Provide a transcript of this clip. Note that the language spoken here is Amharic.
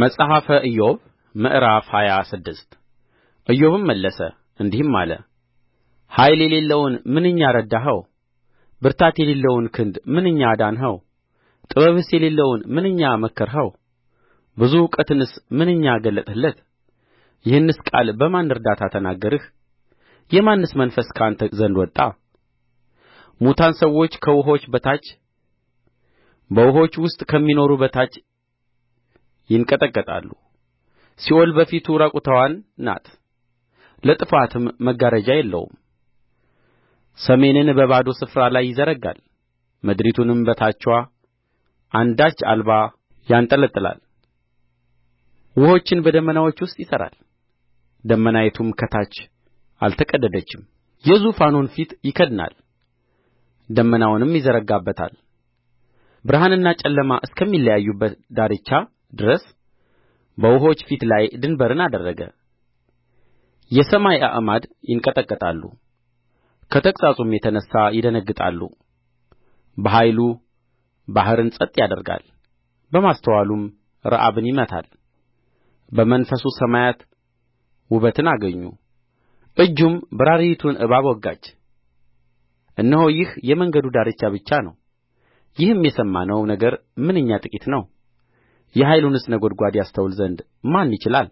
መጽሐፈ ኢዮብ ምዕራፍ ሃያ ስድስት ኢዮብም መለሰ እንዲህም አለ ኃይል የሌለውን ምንኛ ረዳኸው! ብርታት የሌለውን ክንድ ምንኛ አዳንኸው! ጥበብስ የሌለውን ምንኛ መከርኸው! ብዙ እውቀትንስ ምንኛ ገለጥህለት! ይህንስ ቃል በማን እርዳታ ተናገርህ? የማንስ መንፈስ ከአንተ ዘንድ ወጣ? ሙታን ሰዎች ከውኆች በታች በውኆች ውስጥ ከሚኖሩ በታች ይንቀጠቀጣሉ ሲኦል በፊቱ ራቁትዋን ናት ለጥፋትም መጋረጃ የለውም ሰሜንን በባዶ ስፍራ ላይ ይዘረጋል ምድሪቱንም በታችዋ አንዳች አልባ ያንጠለጥላል ውኆችን በደመናዎች ውስጥ ይሠራል ደመናይቱም ከታች አልተቀደደችም የዙፋኑን ፊት ይከድናል ደመናውንም ይዘረጋበታል ብርሃንና ጨለማ እስከሚለያዩበት ዳርቻ ድረስ በውኆች ፊት ላይ ድንበርን አደረገ የሰማይ አዕማድ ይንቀጠቀጣሉ ከተግሣጹም የተነሣ ይደነግጣሉ በኃይሉ ባሕርን ጸጥ ያደርጋል በማስተዋሉም ረዓብን ይመታል በመንፈሱ ሰማያት ውበትን አገኙ እጁም በራሪይቱን እባብ ወጋች እነሆ ይህ የመንገዱ ዳርቻ ብቻ ነው ይህም የሰማነው ነገር ምንኛ ጥቂት ነው የኃይሉንስ ነጐድጓድ ያስተውል ዘንድ ማን ይችላል